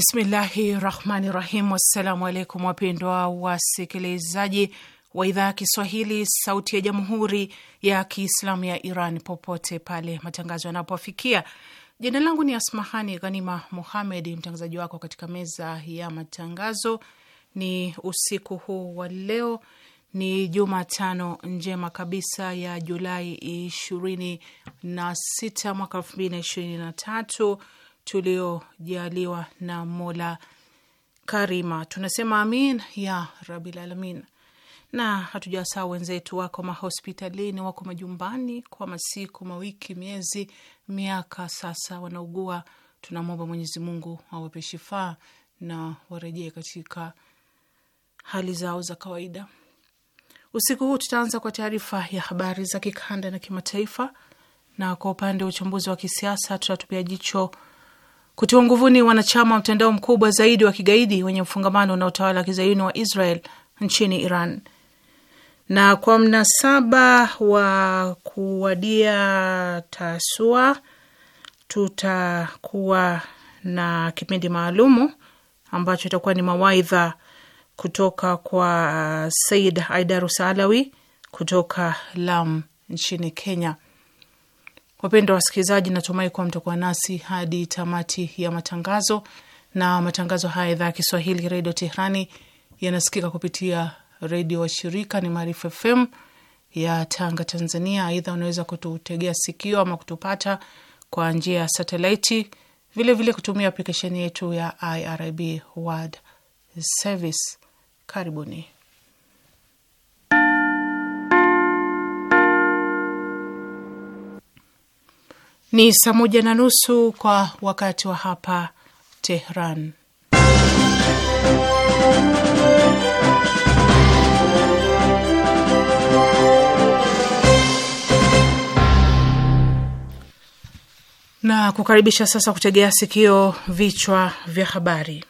Bismillahi rahmani rahim. Wassalamu alaikum wapendwa wasikilizaji wa idhaa ya Kiswahili sauti ya jamhuri ya Kiislamu ya Iran popote pale matangazo yanapofikia. Jina langu ni Asmahani Ghanima Muhamed, mtangazaji wako katika meza ya matangazo. Ni usiku huu wa leo, ni Jumatano njema kabisa ya Julai ishirini na sita mwaka elfu mbili na ishirini na tatu tuliojaliwa na Mola Karima. Tunasema amin ya rabil alamin. Na hatujasaa wenzetu wako mahospitalini, wako majumbani, kwa masiku, mawiki, miezi, miaka sasa wanaugua. Tunamwomba Mwenyezi Mungu awape shifaa na warejee katika hali zao za kawaida. Usiku huu tutaanza kwa taarifa ya habari za kikanda na kimataifa, na kwa upande wa uchambuzi wa kisiasa tutatupia jicho kutiwa nguvuni wanachama wa mtandao mkubwa zaidi wa kigaidi wenye mfungamano na utawala wa kizayuni wa Israel nchini Iran. Na kwa mnasaba wa kuwadia tasua, tutakuwa na kipindi maalumu ambacho itakuwa ni mawaidha kutoka kwa uh, Said Aidarus Alawi kutoka lam nchini Kenya. Wapendwa wasikilizaji, natumai kuwa mtakuwa nasi hadi tamati ya matangazo. Na matangazo haya idhaa ya Kiswahili redio Tehrani yanasikika kupitia redio washirika ni Maarifa FM ya Tanga, Tanzania. Aidha, unaweza kututegea sikio ama kutupata kwa njia ya satelaiti, vilevile kutumia aplikesheni yetu ya IRIB World Service. Karibuni. Ni saa moja na nusu kwa wakati wa hapa Tehran. Na kukaribisha sasa kutegea sikio vichwa vya habari.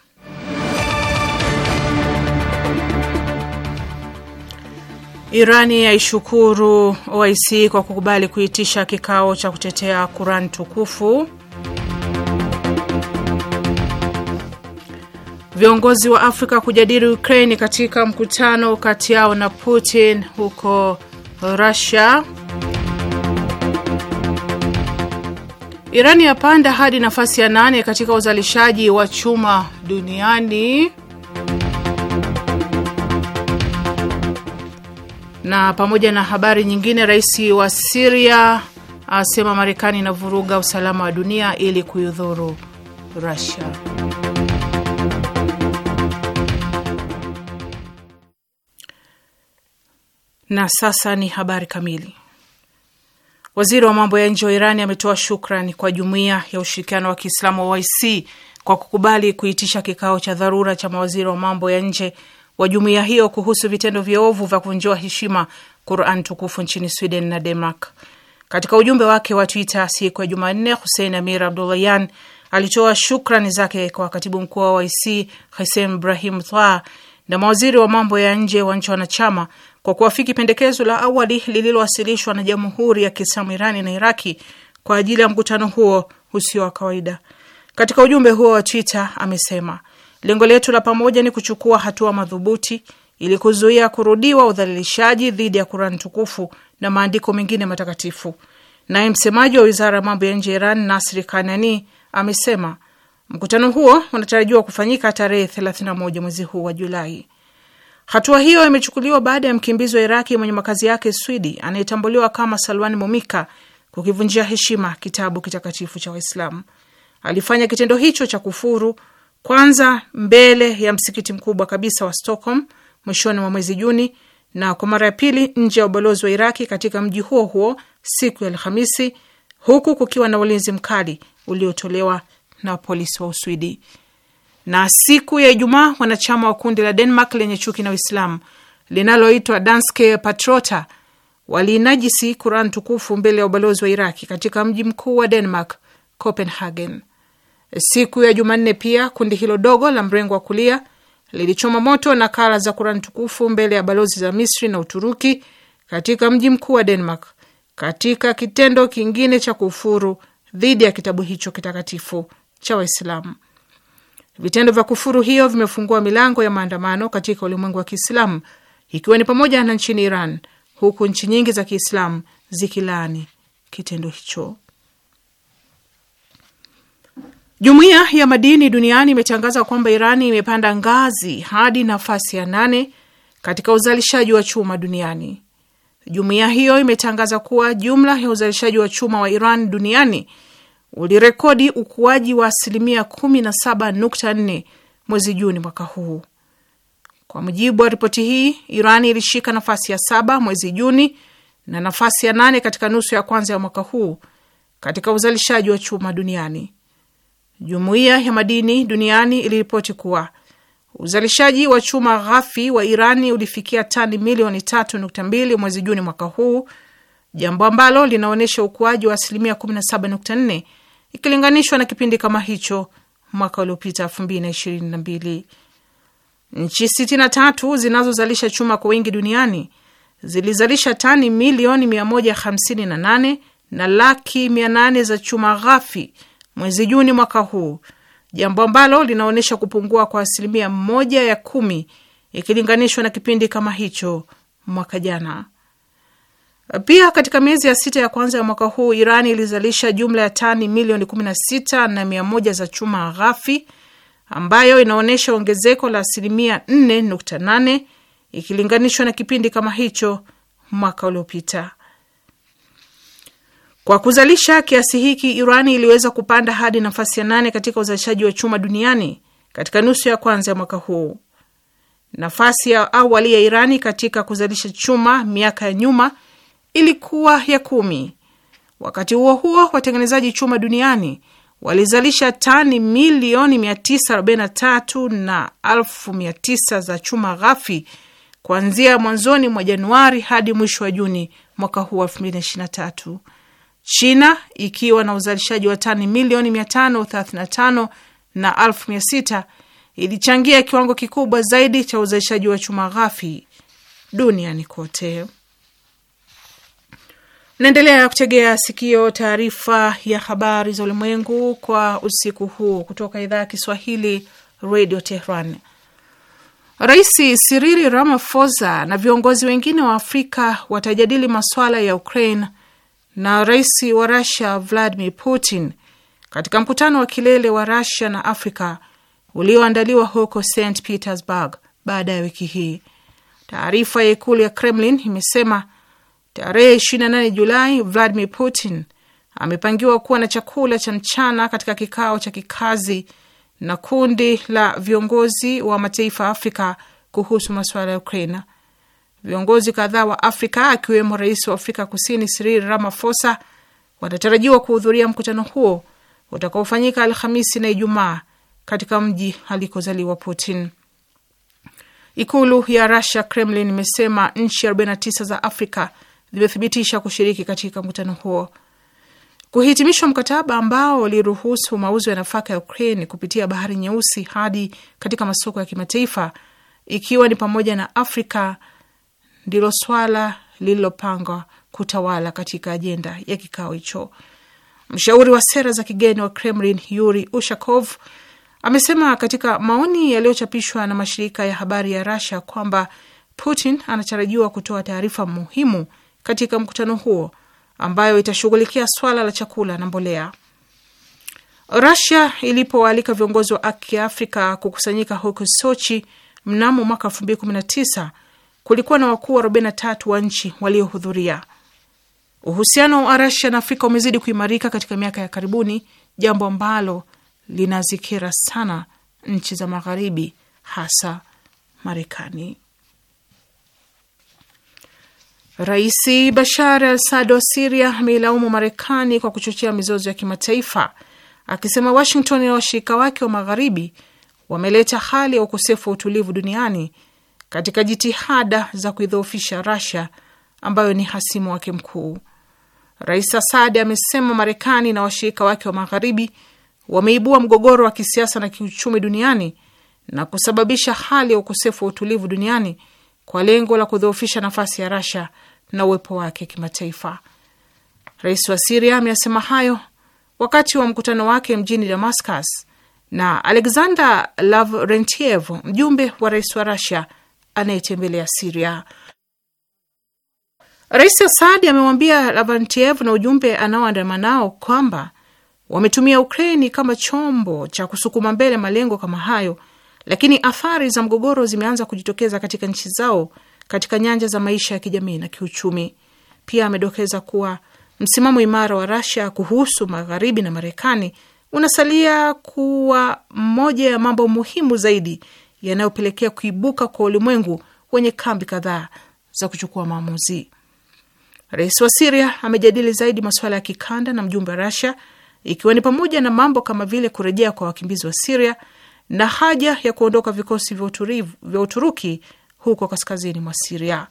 Irani yaishukuru OIC kwa kukubali kuitisha kikao cha kutetea Quran tukufu. Viongozi wa Afrika kujadili Ukraini katika mkutano kati yao na Putin huko Russia. Irani yapanda hadi nafasi ya nane katika uzalishaji wa chuma duniani. Na pamoja na habari nyingine, rais wa Siria asema Marekani inavuruga usalama wa dunia ili kuidhuru Russia. Na sasa ni habari kamili. Waziri wa mambo ya nje wa Irani ametoa shukrani kwa jumuiya ya ushirikiano wa Kiislamu wa OIC kwa kukubali kuitisha kikao cha dharura cha mawaziri wa mambo ya nje wa jumuiya hiyo kuhusu vitendo viovu vya kuvunjiwa heshima Quran tukufu nchini Sweden na Denmark. Katika ujumbe wake wa Twitter siku ya Jumanne, Hussein Amir abdulayan alitoa shukrani zake kwa katibu mkuu wa OIC Hesem Brahim Thar na mawaziri wa mambo ya nje wa nchi wanachama kwa kuafiki pendekezo la awali lililowasilishwa na Jamhuri ya Kiislamu Irani na Iraki kwa ajili ya mkutano huo usio wa kawaida. Katika ujumbe huo wa Twitter amesema Lengo letu la pamoja ni kuchukua hatua madhubuti ili kuzuia kurudiwa udhalilishaji dhidi ya Kurani tukufu na maandiko mengine matakatifu. Naye msemaji wa wizara ya mambo ya nje ya Iran, Nasri Kanani, amesema mkutano huo unatarajiwa kufanyika tarehe 31 mwezi huu wa Julai. Hatua hiyo imechukuliwa baada ya mkimbizi wa Iraki mwenye makazi yake Swidi anayetambuliwa kama Salwan Momika kukivunjia heshima kitabu kitakatifu cha Waislamu. Alifanya kitendo hicho cha kufuru kwanza mbele ya msikiti mkubwa kabisa wa Stockholm mwishoni mwa mwezi Juni, na kwa mara ya pili nje ya ubalozi wa Iraki katika mji huo huo siku ya Alhamisi, huku kukiwa na ulinzi mkali uliotolewa na polisi wa Uswidi. Na siku ya Ijumaa, wanachama wa kundi la Denmark lenye chuki na Uislamu linaloitwa Danske Patrota walinajisi Quran tukufu mbele ya ubalozi wa Iraki katika mji mkuu wa Denmark, Copenhagen. Siku ya Jumanne pia kundi hilo dogo la mrengo wa kulia lilichoma moto nakala za kuran tukufu mbele ya balozi za Misri na Uturuki katika mji mkuu wa Denmark, katika kitendo kingine cha kufuru dhidi ya kitabu hicho kitakatifu cha Waislamu. Vitendo vya kufuru hiyo vimefungua milango ya maandamano katika ulimwengu wa Kiislamu, ikiwa ni pamoja na nchini Iran, huku nchi nyingi za Kiislamu zikilaani kitendo hicho. Jumuiya ya madini duniani imetangaza kwamba Irani imepanda ngazi hadi nafasi ya nane katika uzalishaji wa chuma duniani. Jumuiya hiyo imetangaza kuwa jumla ya uzalishaji wa chuma wa Iran duniani ulirekodi ukuaji wa asilimia 17.4 mwezi Juni mwaka huu. Kwa mujibu wa ripoti hii, Iran ilishika nafasi ya saba mwezi Juni na nafasi ya nane katika nusu ya kwanza ya mwaka huu katika uzalishaji wa chuma duniani. Jumuiya ya madini duniani iliripoti kuwa uzalishaji wa chuma ghafi wa Irani ulifikia tani milioni mbili mwezi Juni mwaka huu, jambo ambalo linaonyesha ukuaji wa asilimia 17.4 ikilinganishwa na kipindi kama hicho mwaka uliopita mbili. Nchi 63 zinazozalisha chuma kwa wingi duniani zilizalisha tani milioni 158 na laki nane za chuma ghafi mwezi Juni mwaka huu, jambo ambalo linaonyesha kupungua kwa asilimia moja ya kumi ikilinganishwa na kipindi kama hicho mwaka jana. Pia katika miezi ya sita ya kwanza ya mwaka huu Iran ilizalisha jumla ya tani milioni kumi na mia moja za chuma ghafi ambayo inaonyesha ongezeko la asilimia 4.8 ikilinganishwa na kipindi kama hicho mwaka uliopita. Kwa kuzalisha kiasi hiki, Irani iliweza kupanda hadi nafasi ya nane katika uzalishaji wa chuma duniani katika nusu ya kwanza ya mwaka huu. Nafasi ya awali ya Irani katika kuzalisha chuma miaka ya nyuma ilikuwa ya kumi. Wakati huo huo, watengenezaji chuma duniani walizalisha tani milioni 943 na 1900 za chuma ghafi kuanzia mwanzoni mwa Januari hadi mwisho wa Juni mwaka huu 2023. China ikiwa na uzalishaji wa tani milioni 535 na 6 ilichangia kiwango kikubwa zaidi cha uzalishaji wa chuma ghafi duniani kote. Naendelea kutegea sikio taarifa ya habari za ulimwengu kwa usiku huu kutoka idhaa ya Kiswahili Radio Tehran. Rais Cyril Ramaphosa na viongozi wengine wa Afrika watajadili masuala ya Ukraine na rais wa rusia Vladimir Putin katika mkutano wa kilele wa rusia na Afrika ulioandaliwa huko St Petersburg baada ya wiki hii. Taarifa ya ikulu ya Kremlin imesema tarehe 28 Julai, Vladimir Putin amepangiwa kuwa na chakula cha mchana katika kikao cha kikazi na kundi la viongozi wa mataifa Afrika kuhusu masuala ya Ukraina. Viongozi kadhaa wa Afrika akiwemo rais wa Afrika Kusini Cyril Ramaphosa wanatarajiwa kuhudhuria mkutano huo utakaofanyika Alhamisi na Ijumaa katika mji alikozaliwa Putin. Ikulu ya Russia, Kremlin, imesema nchi 49 za Afrika zimethibitisha kushiriki katika mkutano huo. Kuhitimishwa mkataba ambao uliruhusu mauzo ya nafaka ya Ukraine kupitia bahari nyeusi hadi katika masoko ya kimataifa, ikiwa ni pamoja na Afrika ndilo swala lililopangwa kutawala katika ajenda ya kikao hicho. Mshauri wa sera za kigeni wa Kremlin Yuri Ushakov amesema katika maoni yaliyochapishwa na mashirika ya habari ya Russia kwamba Putin anatarajiwa kutoa taarifa muhimu katika mkutano huo ambayo itashughulikia swala la chakula na mbolea. Russia ilipowaalika viongozi wa Kiafrika kukusanyika huko Sochi mnamo mwaka 2019 kulikuwa na wakuu 43 wa nchi waliohudhuria. Uhusiano wa Rasia na Afrika umezidi kuimarika katika miaka ya karibuni, jambo ambalo linazikira sana nchi za Magharibi, hasa Marekani. Rais Bashar al Assad wa Siria ameilaumu Marekani kwa kuchochea mizozo ya kimataifa, akisema Washington na washirika wake wa Magharibi wameleta hali ya ukosefu wa utulivu duniani katika jitihada za kuidhoofisha rasia ambayo ni hasimu wake mkuu. Rais asadi amesema Marekani na washirika wake wa magharibi wameibua mgogoro wa kisiasa na kiuchumi duniani na kusababisha hali ya ukosefu wa utulivu duniani kwa lengo la kudhoofisha nafasi ya rasia na uwepo wake kimataifa. Rais wa Siria ameyasema hayo wakati wa mkutano wake mjini Damascus na Alexander Lavrentiev, mjumbe wa rais wa rasia anayetembelea Siria. Rais Asadi amemwambia Lavantiev na ujumbe anaoandamana nao kwamba wametumia Ukraini kama chombo cha kusukuma mbele malengo kama hayo, lakini athari za mgogoro zimeanza kujitokeza katika nchi zao katika nyanja za maisha ya kijamii na kiuchumi. Pia amedokeza kuwa msimamo imara wa Russia kuhusu magharibi na Marekani unasalia kuwa moja ya mambo muhimu zaidi yanayopelekea kuibuka kwa ulimwengu wenye kambi kadhaa za kuchukua maamuzi. Rais wa Siria amejadili zaidi masuala ya kikanda na mjumbe wa Rasia, ikiwa ni pamoja na mambo kama vile kurejea kwa wakimbizi wa Siria na haja ya kuondoka vikosi vya Uturuki huko kaskazini mwa Siria.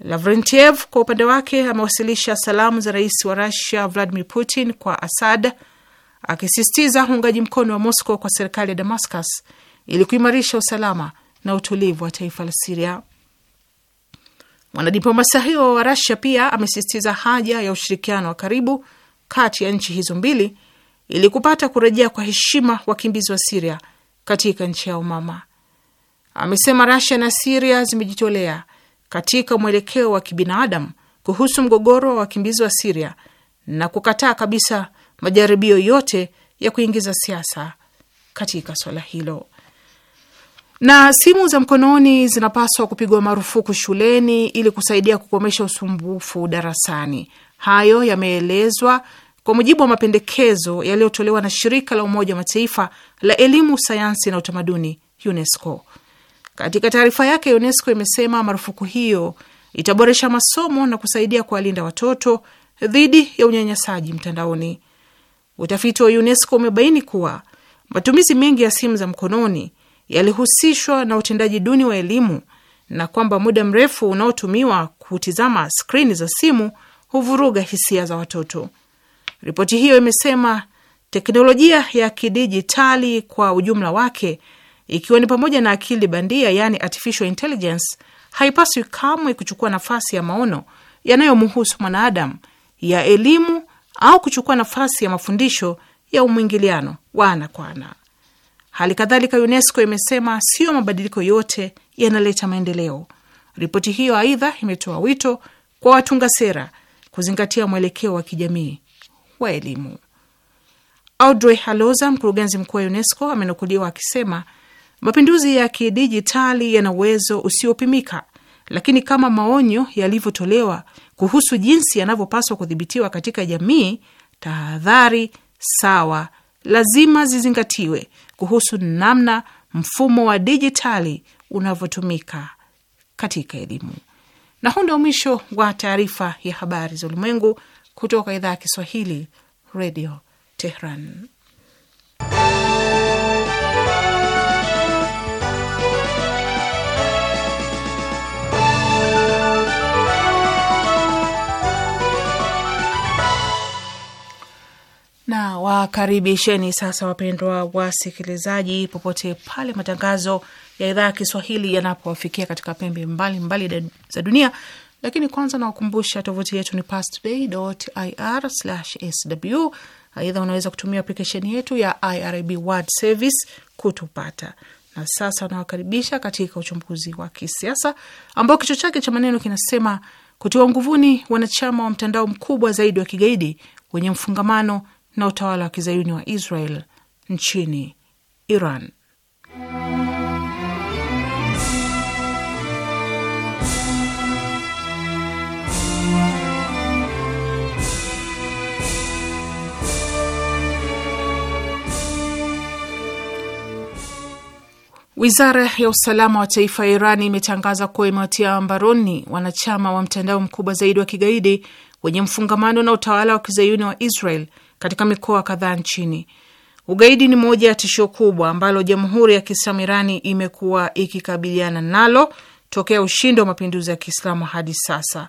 Lavrentiev kwa upande wake amewasilisha salamu za rais wa Rusia Vladimir Putin kwa Asad, akisisitiza uungaji mkono wa Moscow kwa serikali ya Damascus ili kuimarisha usalama na utulivu wa taifa la Siria. Mwanadiplomasia huyo wa Rasia pia amesisitiza haja ya ushirikiano wa karibu kati ya nchi hizo mbili ili kupata kurejea kwa heshima wakimbizi wa Siria katika nchi yao mama. Amesema Rasia na Siria zimejitolea katika mwelekeo wa kibinadamu kuhusu mgogoro wa wakimbizi wa Siria na kukataa kabisa majaribio yote ya kuingiza siasa katika swala hilo. Na simu za mkononi zinapaswa kupigwa marufuku shuleni ili kusaidia kukomesha usumbufu darasani. Hayo yameelezwa kwa mujibu wa mapendekezo yaliyotolewa na shirika la Umoja wa Mataifa la elimu, sayansi na utamaduni, UNESCO. Katika taarifa yake, UNESCO imesema marufuku hiyo itaboresha masomo na kusaidia kuwalinda watoto dhidi ya unyanyasaji mtandaoni. Utafiti wa UNESCO umebaini kuwa matumizi mengi ya simu za mkononi yalihusishwa na utendaji duni wa elimu na kwamba muda mrefu unaotumiwa kutizama skrini za simu huvuruga hisia za watoto. Ripoti hiyo imesema teknolojia ya kidijitali kwa ujumla wake, ikiwa ni pamoja na akili bandia, yani artificial intelligence, haipaswi kamwe kuchukua nafasi ya maono yanayomhusu mwanadamu ya elimu au kuchukua nafasi ya mafundisho ya umwingiliano wa ana kwa ana. Hali kadhalika UNESCO imesema sio mabadiliko yote yanaleta maendeleo. Ripoti hiyo aidha imetoa wito kwa watunga sera kuzingatia mwelekeo wa kijamii wa elimu. Audrey Haloza, mkurugenzi mkuu wa UNESCO, amenukuliwa akisema mapinduzi ya kidijitali yana uwezo usiopimika, lakini kama maonyo yalivyotolewa kuhusu jinsi yanavyopaswa kudhibitiwa katika jamii, tahadhari sawa lazima zizingatiwe kuhusu namna mfumo wa dijitali unavyotumika katika elimu. Na huu ndio mwisho wa taarifa ya habari za ulimwengu kutoka idhaa ya Kiswahili, Redio Tehran. na wakaribisheni sasa, wapendwa wasikilizaji, popote pale matangazo ya idhaa ya Kiswahili yanapowafikia katika pembe mbalimbali mbali za dunia. Lakini kwanza nawakumbusha tovuti yetu ni pastoday.ir/sw. Aidha, unaweza kutumia aplikesheni yetu ya IRIB World Service kutupata. Na sasa nawakaribisha katika uchambuzi wa kisiasa ambao kichwa chake cha maneno kinasema kutiwa nguvuni wanachama wa mtandao mkubwa zaidi wa kigaidi wenye mfungamano na utawala wa kizayuni wa Israel nchini Iran. Wizara ya usalama wa taifa ya Iran imetangaza kuwa imewatia mbaroni wanachama wa mtandao mkubwa zaidi wa kigaidi wenye mfungamano na utawala wa kizayuni wa Israel katika mikoa kadhaa nchini. Ugaidi ni moja ya tishio kubwa ambalo Jamhuri ya Kiislamu Irani imekuwa ikikabiliana nalo tokea ushindi wa mapinduzi ya Kiislamu hadi sasa.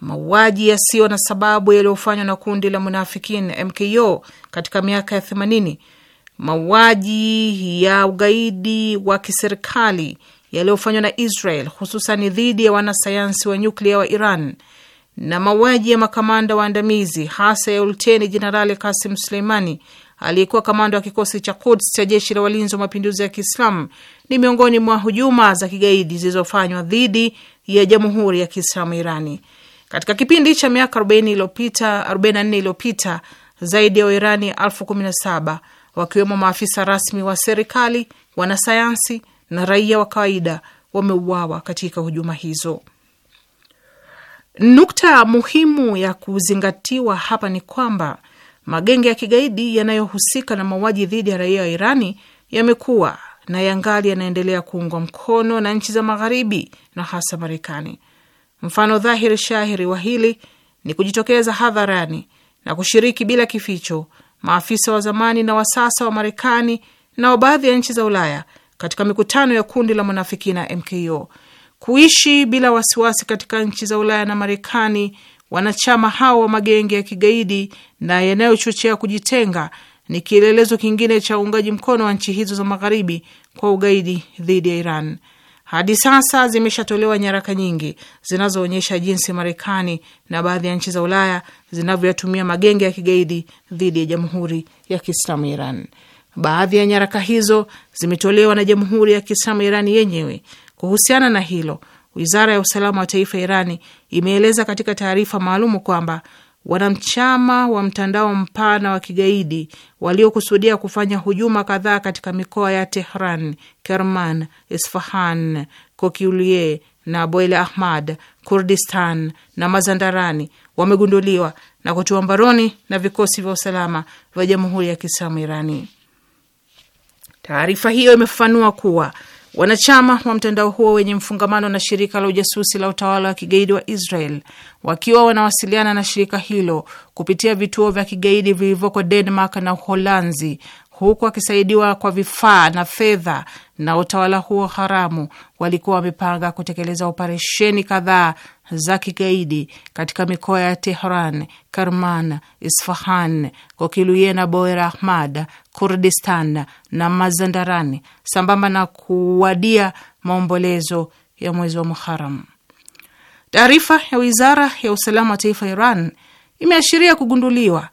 Mauaji yasiyo na sababu yaliyofanywa na kundi la Munafikin MKO katika miaka ya 80, mauaji ya ugaidi wa kiserikali yaliyofanywa na Israel hususan dhidi ya wanasayansi wa nyuklia wa Iran na mauaji ya makamanda waandamizi hasa ya Ulteni Jenerali Kasim Suleimani aliyekuwa kamanda wa kikosi cha Quds cha jeshi la walinzi wa mapinduzi ya Kiislamu ni miongoni mwa hujuma za kigaidi zilizofanywa dhidi ya Jamhuri ya Kiislamu Irani katika kipindi cha miaka 40 iliyopita, 44 iliyopita, zaidi ya Wairani 17 wakiwemo maafisa rasmi wa serikali, wanasayansi na raia wa kawaida wameuawa katika hujuma hizo. Nukta muhimu ya kuzingatiwa hapa ni kwamba magenge ya kigaidi yanayohusika na mauaji dhidi ya raia wa Irani yamekuwa na yangali yanaendelea kuungwa mkono na nchi za Magharibi na hasa Marekani. Mfano dhahiri shahiri wa hili ni kujitokeza hadharani na kushiriki bila kificho maafisa wa zamani na wa sasa wa Marekani na wa baadhi ya nchi za Ulaya katika mikutano ya kundi la mwanafikina MKO kuishi bila wasiwasi katika nchi za Ulaya na Marekani. Wanachama hao wa magenge ya kigaidi na yanayochochea kujitenga ni kielelezo kingine cha uungaji mkono wa nchi hizo za magharibi kwa ugaidi dhidi ya Iran. Hadi sasa zimeshatolewa nyaraka nyingi zinazoonyesha jinsi Marekani na baadhi ya nchi za Ulaya zinavyoyatumia magenge ya kigaidi dhidi ya Jamhuri ya Kiislamu Iran. Baadhi ya nyaraka hizo zimetolewa na Jamhuri ya Kiislamu Iran yenyewe Kuhusiana na hilo, wizara ya usalama wa taifa Irani imeeleza katika taarifa maalumu kwamba wanachama wa mtandao mpana wa kigaidi waliokusudia kufanya hujuma kadhaa katika mikoa ya Tehran, Kerman, Isfahan, Kokiulie na Boel Ahmad, Kurdistan na Mazandarani wamegunduliwa na kutiwa mbaroni na vikosi vya usalama vya Jamhuri ya Kiislamu Irani. Taarifa hiyo imefafanua kuwa Wanachama wa mtandao huo wenye mfungamano na shirika la ujasusi la utawala wa kigaidi wa Israel wakiwa wanawasiliana na shirika hilo kupitia vituo vya kigaidi vilivyoko Denmark na Uholanzi huku akisaidiwa kwa vifaa na fedha na utawala huo haramu, walikuwa wamepanga kutekeleza operesheni kadhaa za kigaidi katika mikoa ya Tehran, Karman, Isfahan, Kokiluye na Boer Ahmad, Kurdistan na Mazandarani, sambamba na kuwadia maombolezo ya mwezi wa Muharam. Taarifa ya wizara ya usalama wa taifa Iran imeashiria kugunduliwa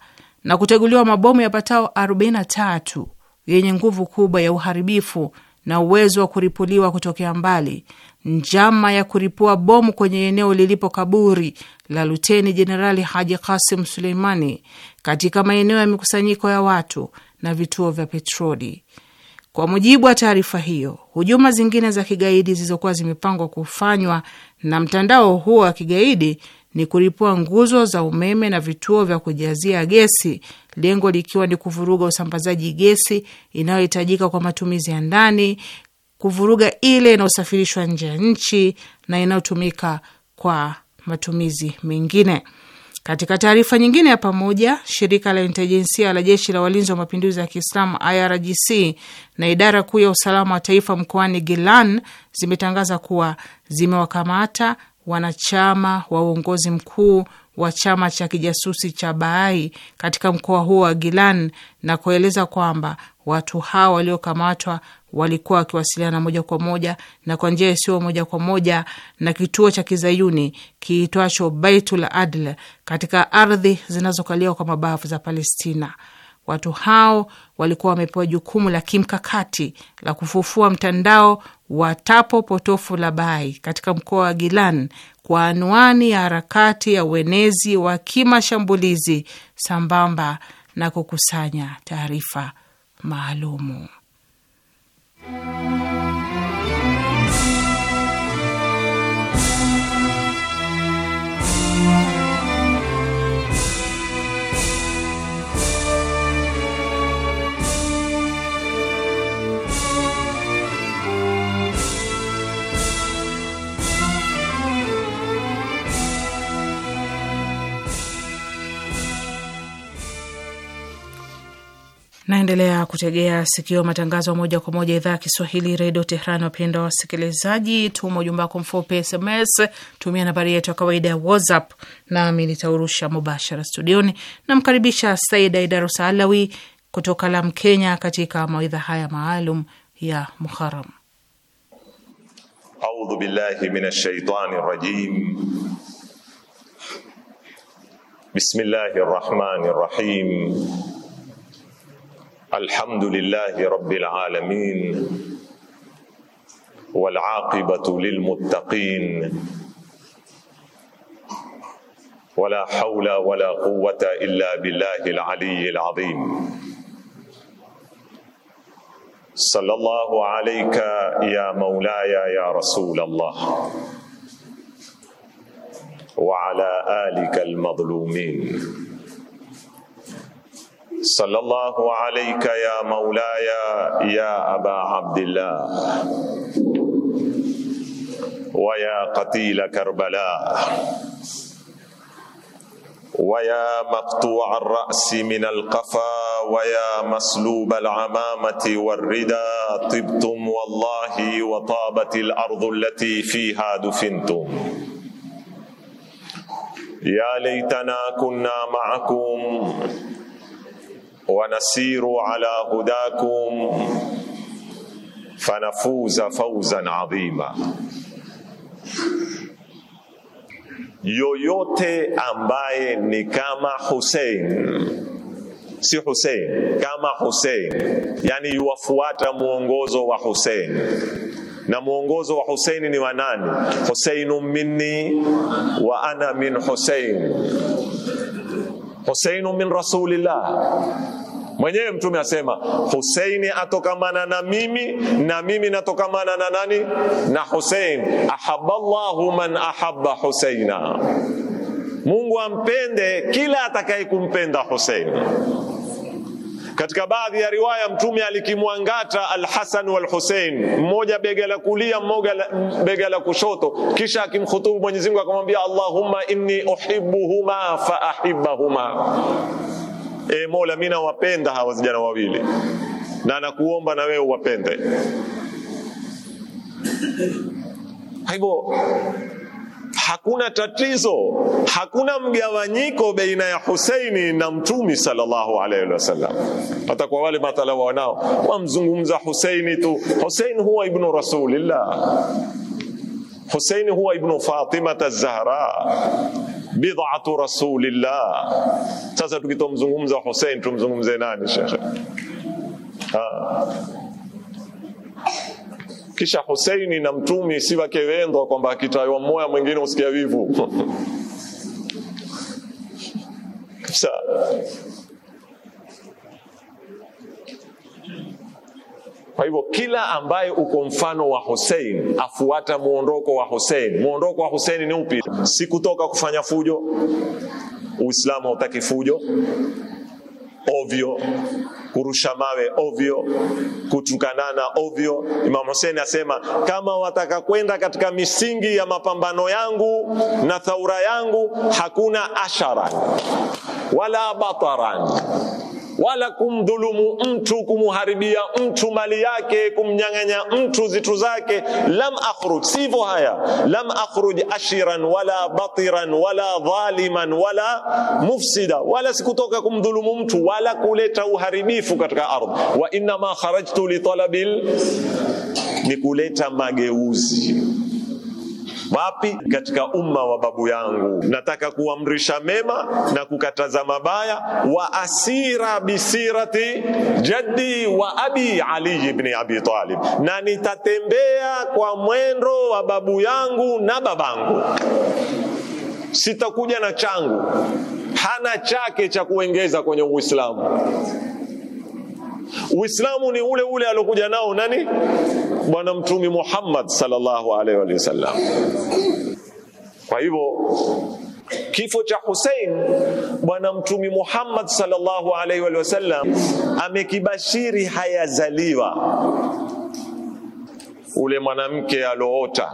na kuteguliwa mabomu yapatao 43 yenye nguvu kubwa ya uharibifu na uwezo wa kuripuliwa kutokea mbali. Njama ya kuripua bomu kwenye eneo lilipo kaburi la Luteni Jenerali Haji Kasim Suleimani katika maeneo ya mikusanyiko ya watu na vituo vya petroli. Kwa mujibu wa taarifa hiyo, hujuma zingine za kigaidi zilizokuwa zimepangwa kufanywa na mtandao huo wa kigaidi ni kulipua nguzo za umeme na vituo vya kujazia gesi, lengo likiwa ni kuvuruga usambazaji gesi inayohitajika kwa matumizi ya ndani, kuvuruga ile inayosafirishwa nje ya nchi na inayotumika kwa matumizi mengine. Katika taarifa nyingine ya pamoja, shirika la intelijensia la jeshi la walinzi wa mapinduzi ya Kiislamu IRGC na idara kuu ya usalama wa taifa mkoani Gilan zimetangaza kuwa zimewakamata wanachama wa uongozi mkuu wa chama cha kijasusi cha Baai katika mkoa huo wa Gilan na kueleza kwamba watu hao waliokamatwa walikuwa wakiwasiliana moja kwa moja na kwa njia isiyo moja kwa moja na kituo cha kizayuni kiitwacho Baitul Adl katika ardhi zinazokaliwa kwa mabavu za Palestina. Watu hao walikuwa wamepewa jukumu la kimkakati la kufufua mtandao watapo potofu la bai katika mkoa wa Gilan kwa anwani ya harakati ya uenezi wa kimashambulizi sambamba na kukusanya taarifa maalumu. Naendelea kutegea sikio matangazo moja kwa moja idhaa ya Kiswahili redio Tehran. Wapenda wasikilizaji, tuma ujumbe wako mfupi SMS, tumia nambari yetu ya kawaida ya WhatsApp nami nitaurusha mubashara studioni. Namkaribisha Saida Aidarus Alawi kutoka Lamu, Kenya, katika mawaidha haya maalum ya Muharam. Audhu billahi rajim. Bismillahi rahmani rahim الحمد لله رب العالمين والعاقبة للمتقين ولا حول ولا قوة إلا بالله العلي العظيم صلى الله عليك يا مولاي يا رسول الله وعلى آلك المظلومين صلى الله عليك يا مولاي يا أبا عبد الله ويا قتيل كربلاء ويا مقطوع الرأس من القفا ويا مسلوب العمامة والردى طبتم والله وطابت الأرض التي فيها دفنتم يا ليتنا كنا معكم ونسير على هداكم فنفوز فوزا adhima. Yoyote ambaye ni kama Hussein, si Hussein, kama Hussein, yani yuwafuata mwongozo wa Hussein na mwongozo wa Hussein ni wa nani? Huseinu minni wa ana min Husein Husainu min rasulillah mwenyewe Mtume asema Huseini atokamana na mimi na mimi natokamana na nani? Na Husein. Ahaballahu man ahabba Huseina, Mungu ampende kila atakaye kumpenda Husein. Katika baadhi ya riwaya Mtume alikimwangata Alhasan Walhusein, mmoja bega la kulia, mmoja bega la kushoto, kisha akimkhutubu Mwenyezi Mungu akamwambia, Allahumma inni uhibbuhuma faahibahuma, e Mola, mimi nawapenda hawa vijana wawili na nakuomba na wewe uwapende. Hivyo hakuna tatizo, hakuna mgawanyiko baina ya Huseini na Mtumi sallallahu alaihi wasallam. Hata kwa wale mathala wanao wamzungumza Huseini tu, Husein huwa ibnu Rasulillah, Huseini huwa ibnu Fatimata Zahra bid'atu rasulillah. Sasa tukitomzungumza Husein tumzungumze nani shekhe? Kisha Huseini na Mtumi si wakewendwa kwamba akitawa mmoja mwingine usikia wivu kabisa. Kwa hivyo kila ambaye uko mfano wa Hussein afuata muondoko wa Hussein. Muondoko wa Hussein ni upi? Si kutoka kufanya fujo. Uislamu hautaki fujo ovyo kurusha mawe ovyo, kutukanana ovyo. Imam Hussein asema kama wataka kwenda katika misingi ya mapambano yangu na thaura yangu, hakuna ashara wala bataran wala kumdhulumu mtu, kumuharibia mtu mali yake, kumnyang'anya mtu zitu zake. Lam akhruj, sivyo haya. Lam akhruj ashiran wala batiran wala dhaliman wala mufsida, wala sikutoka kumdhulumu mtu wala kuleta uharibifu katika ardhi. Wa innama kharajtu litalabil, ni kuleta mageuzi wapi? Katika umma wa babu yangu. Nataka kuamrisha mema na kukataza mabaya. wa asira bisirati jaddi wa abi Ali ibn Abi Talib, na nitatembea kwa mwendo wa babu yangu na babangu, sitakuja na changu, hana chake cha kuengeza kwenye Uislamu. Uislamu ni ule ule aliokuja nao nani? Bwana Mtume Muhammad sallallahu alaihi wasallam. Kwa hivyo kifo cha Hussein, Bwana Mtume Muhammad sallallahu alaihi wasallam amekibashiri hayazaliwa ule mwanamke aloota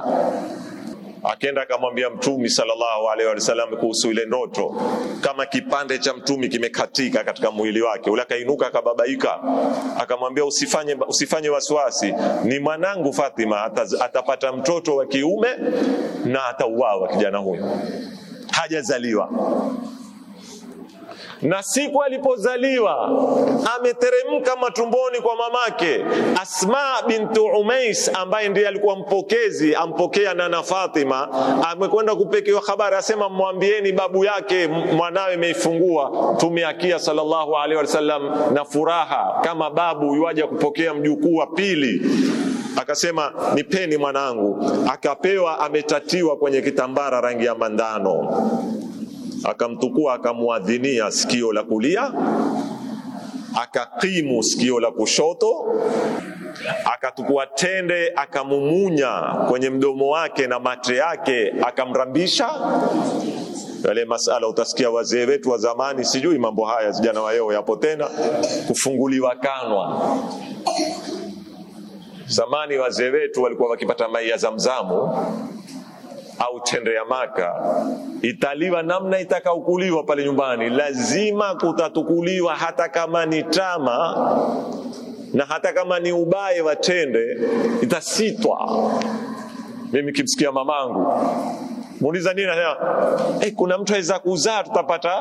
Akenda akamwambia mtumi sallallahu alaihi wasallam kuhusu ile ndoto, kama kipande cha mtumi kimekatika katika mwili wake ule, akainuka akababaika, akamwambia usifanye, usifanye wasiwasi, ni mwanangu Fatima ataz, atapata mtoto wa kiume na atauawa kijana huyo, hajazaliwa na siku alipozaliwa ameteremka matumboni kwa mamake Asma bintu Umais, ambaye ndiye alikuwa mpokezi, ampokea nana Fatima. Amekwenda kupekewa habari, asema mwambieni babu yake mwanawe imeifungua Mtume akia sallallahu alaihi wasallam na furaha kama babu yuaja kupokea mjukuu wa pili akasema nipeni mwanangu. Akapewa, ametatiwa kwenye kitambara rangi ya mandano akamtukua akamwadhinia sikio la kulia, akakimu sikio la kushoto, akatukua tende akamumunya kwenye mdomo wake na mate yake akamrambisha. Yale masala utasikia wazee wetu wa zamani, sijui mambo haya zijana wa yapo tena, kufunguliwa kanwa. Zamani wazee wetu walikuwa wakipata mai ya Zamzamu au tende ya Maka italiwa namna itakaokuliwa pale nyumbani, lazima kutatukuliwa, hata kama ni tama na hata kama ni ubaye wa tende itasitwa. Mimi kimsikia mamangu muuliza nini, anasema hey, eh, kuna mtu aweza kuzaa tutapata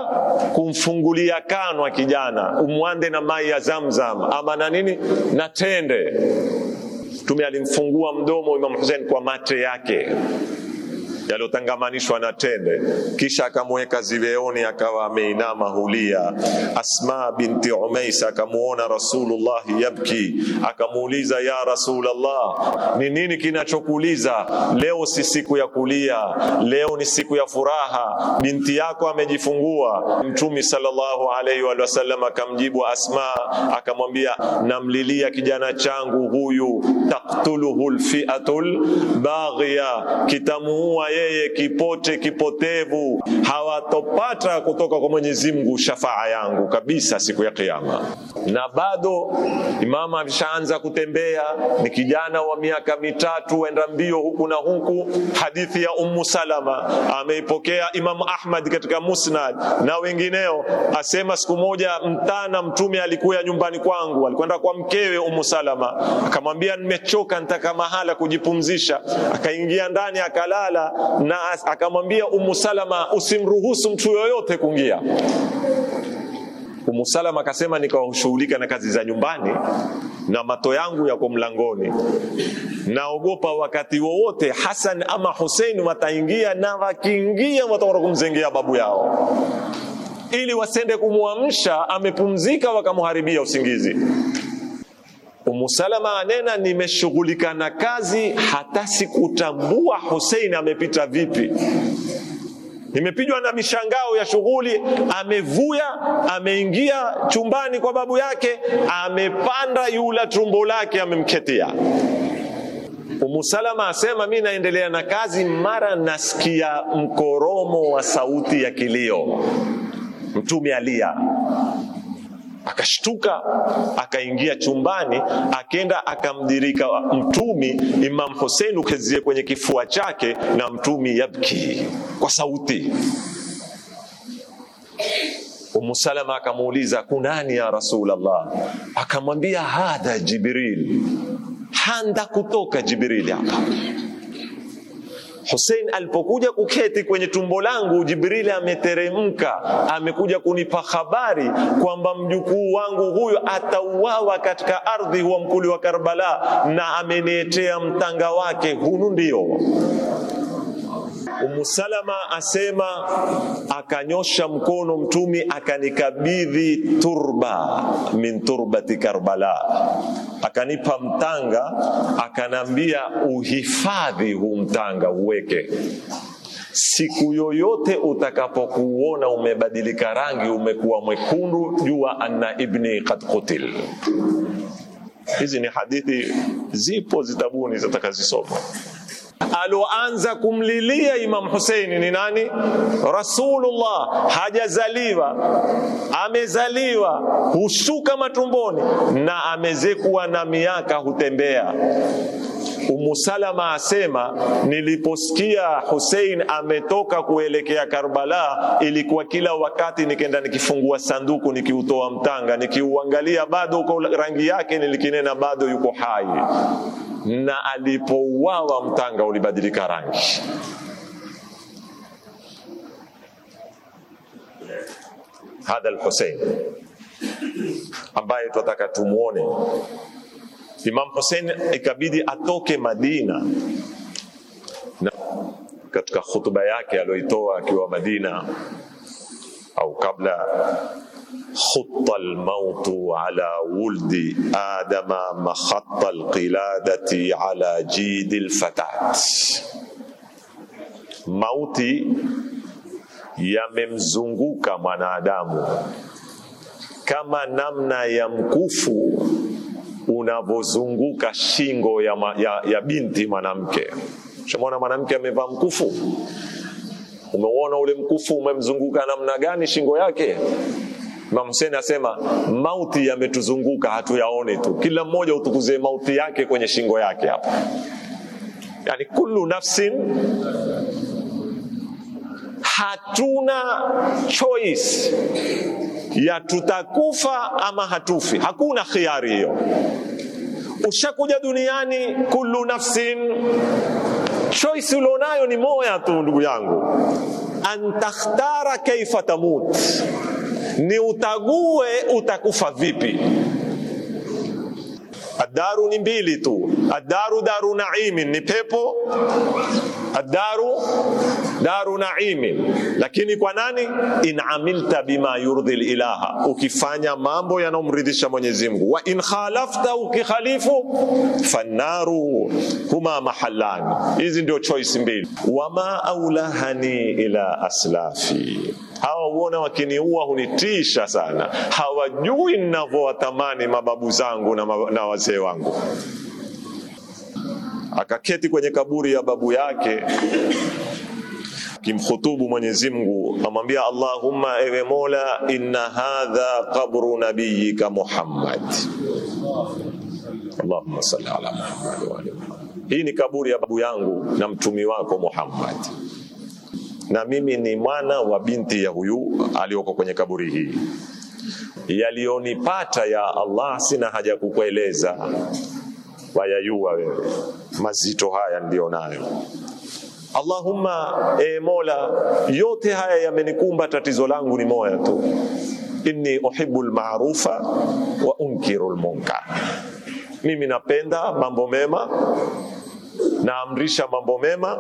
kumfungulia kanwa kijana umwande na mai ya Zamzam ama na nini na tende. Mtume alimfungua mdomo Imam Hussein kwa mate yake yaliyotangamanishwa na tende, kisha akamweka zibeoni akawa ameinama hulia. Asma binti umais akamuona Rasulullah yabki, akamuuliza ya Rasulullah, ni nini kinachokuliza leo? Si siku ya kulia, leo ni siku ya furaha, binti yako amejifungua. Mtume sallallahu wa sallam akamjibu Asma akamwambia, namlilia kijana changu huyu, taktuluhu lfiatul baghiya, kitamuua yeye kipote kipotevu, hawatopata kutoka kwa Mwenyezi Mungu shafaa yangu kabisa siku ya Kiyama. Na bado imama ameshaanza kutembea, ni kijana wa miaka mitatu, waenda mbio huku na huku. Hadithi ya Ummu Salama ameipokea Imamu Ahmad katika Musnad na wengineo, asema siku moja mtana Mtume alikuwa nyumbani kwangu, alikwenda kwa mkewe Ummu Salama, akamwambia nimechoka, nitaka mahala kujipumzisha. Akaingia ndani akalala na akamwambia Umu Salama, usimruhusu mtu yoyote kuingia. Umu Salama akasema, nikawashughulika na kazi za nyumbani na mato yangu yako mlangoni, naogopa wakati wowote Hasan ama Husein wataingia, na wakiingia watakwenda kumzengea babu yao, ili wasende kumwamsha amepumzika, wakamuharibia usingizi. Umu Salama anena, nimeshughulika na kazi hata sikutambua Husein amepita vipi. Nimepijwa na mishangao ya shughuli. Amevuya, ameingia chumbani kwa babu yake, amepanda yula tumbo lake, amemketia. Umu Salama asema, mi naendelea na kazi, mara nasikia mkoromo wa sauti ya kilio. Mtume alia Akashtuka, akaingia chumbani, akenda akamdirika Mtumi Imam Hussein ukezie kwenye kifua chake, na Mtumi yabki kwa sauti. Umu Salama akamuuliza kunani ya Rasulullah? Akamwambia hadha Jibril, handa kutoka Jibrili hapa Hussein alipokuja kuketi kwenye tumbo langu, Jibrili ameteremka, amekuja kunipa habari kwamba mjukuu wangu huyo atauawa katika ardhi huwa mkuli wa Karbala, na ameniletea mtanga wake. Hunu ndio Umu Salama asema akanyosha mkono mtumi akanikabidhi turba min turbati Karbala, akanipa mtanga, akanambia uhifadhi huu mtanga, uweke siku yoyote utakapokuona umebadilika rangi, umekuwa mwekundu, jua anna ibni qad qutil. Hizi ni hadithi zipo zitabuni zitakazisoma aloanza kumlilia Imam Huseini ni nani? Rasulullah. Hajazaliwa, amezaliwa, hushuka matumboni na amezekwa na miaka hutembea. Umu Salama asema niliposikia Hussein ametoka kuelekea Karbala, ilikuwa kila wakati nikenda nikifungua sanduku nikiutoa mtanga nikiuangalia, bado uko rangi yake, nilikinena bado yuko hai na alipouawa mtanga ulibadilika rangi. Hadha al-Hussein ambaye twataka tumuone. Imam Hussein ikabidi atoke Madina na katika khutuba yake aliyoitoa akiwa Madina au kabla خط الموت على ولد آدم مخط القلادة على جيد الفتاة. Mauti yamemzunguka mwanadamu kama namna ya mkufu unavyozunguka shingo ya, ma, ya, ya binti mwanamke. Shamwona mwanamke amevaa mkufu, umeuona ule mkufu umemzunguka namna gani shingo yake? Imam Hussein asema mauti yametuzunguka hatuyaone tu, kila mmoja utukuzie mauti yake kwenye shingo yake hapo. Yani kullu nafsin, hatuna choice ya tutakufa ama hatufi, hakuna khiari hiyo. Ushakuja duniani, kullu nafsin, choice ulionayo ni moya tu, ndugu yangu, antakhtara kaifa tamut ni utague utakufa vipi. Adaru ni mbili tu, adaru daru naimin ni pepo adaru daru naimin, lakini kwa nani? In amilta bima yurdhi lilaha, ukifanya mambo yanayomridhisha Mwenyezi Mungu. Wa in khalafta, ukikhalifu, fanaru huma mahallani. Hizi ndio choice mbili. Wama aulahani ila aslafi Hawa uona wakiniua hunitisha sana, hawajui ninavyowatamani mababu zangu na, na wazee wangu akaketi kwenye kaburi ya babu yake kimkhutubu Mwenyezi Mungu amwambia, Allahumma, ewe Mola, inna hadha qabru nabiyika Muhammad, Allahumma salli ala Muhammad wa ali Muhammad. Hii ni kaburi ya babu yangu na mtumi wako Muhammad, na mimi ni mwana wa binti ya huyu aliyoko kwenye kaburi hii. Yaliyonipata ya Allah sina haja kukueleza wayajua wewe mazito haya ndiyo nayo. Allahumma, e Mola, yote haya yamenikumba, tatizo langu ni moya tu, inni uhibbu lmarufa wa unkiru lmunkar, mimi napenda mambo mema naamrisha mambo mema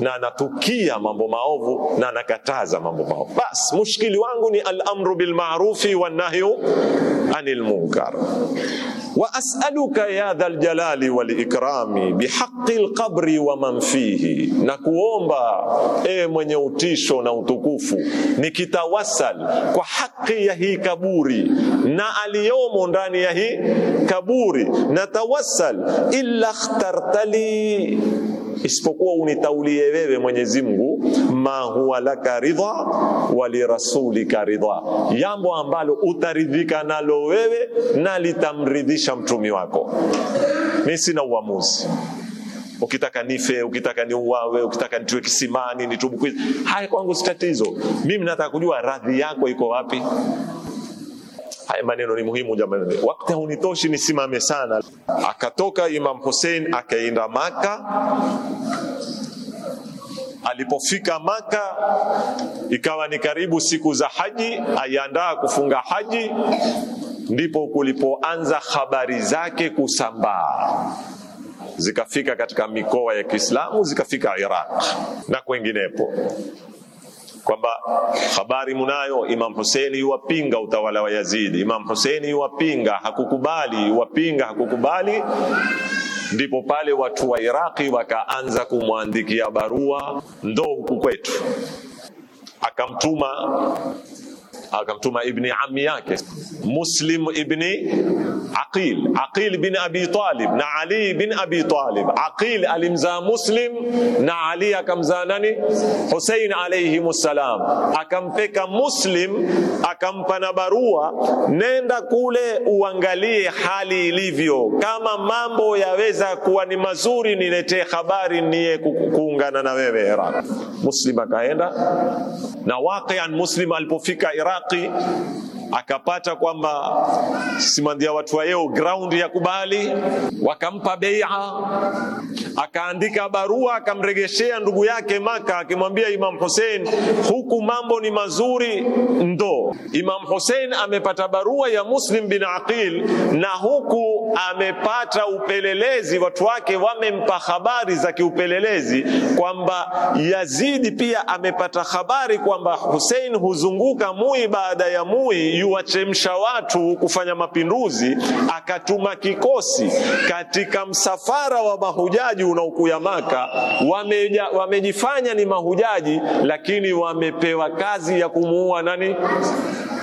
na natukia mambo maovu na nakataza mambo maovu. Bas, mushkili wangu ni al-amru bil ma'rufi wan nahyu anil munkar. Wa as'aluka ya dhal jalali wal ikrami bihaqqi al-qabri wa man fihi, na kuomba e mwenye utisho na utukufu, nikitawasal kwa haki ya hii kaburi na aliyomo ndani ya hii kaburi, natawasal illa ikhtartali isipokuwa unitaulie wewe Mwenyezi Mungu, ma huwa laka ridha wa lirasulika ridha, jambo ambalo utaridhika nalo wewe na litamridhisha mtumi wako. Mimi sina uamuzi Ukitaka nife, ukitaka niuawe, ukitaka nitiwe kisimani, nitubukize, haya kwangu si tatizo. Mimi nataka kujua radhi yako iko wapi. Haya maneno ni muhimu jamani, wakati haunitoshi nisimame sana. Akatoka Imam Hussein akaenda Maka. Alipofika Maka, ikawa ni karibu siku za haji, aiandaa kufunga haji, ndipo kulipoanza habari zake kusambaa zikafika katika mikoa ya Kiislamu, zikafika Iraq na kwenginepo kwamba habari munayo, Imam huseni yuwapinga utawala wa Yazidi, Imam huseni yuwapinga, hakukubali, yuwapinga, hakukubali ndipo pale watu wa Iraqi wakaanza kumwandikia barua ndo huku kwetu, akamtuma akamtuma ibni ammi yake Muslim ibni Aqil, Aqil bin Abi Talib na Ali bin Abi Talib. Aqil alimzaa Muslim na Ali akamzaa nani? Hussein alayhi salam. Akampeka Muslim akampa na barua, nenda kule uangalie hali ilivyo, kama mambo yaweza kuwa ni mazuri niletee habari, niye kuungana na wewe Iraq. Muslim akaenda na waqian, Muslim alipofika Iraq Iraqi akapata kwamba simandia watu wayeo ground ya kubali, wakampa beia, akaandika barua akamregeshea ndugu yake Maka, akimwambia Imam Hussein, huku mambo ni mazuri. Ndo Imam Hussein amepata barua ya Muslim bin Aqil, na huku amepata upelelezi, watu wake wamempa habari za kiupelelezi kwamba Yazidi pia amepata habari kwamba Hussein huzunguka mui Mui baada ya Mui yuwachemsha watu kufanya mapinduzi, akatuma kikosi katika msafara wa mahujaji unaokuya Maka. Wameja, wamejifanya ni mahujaji lakini wamepewa kazi ya kumuua nani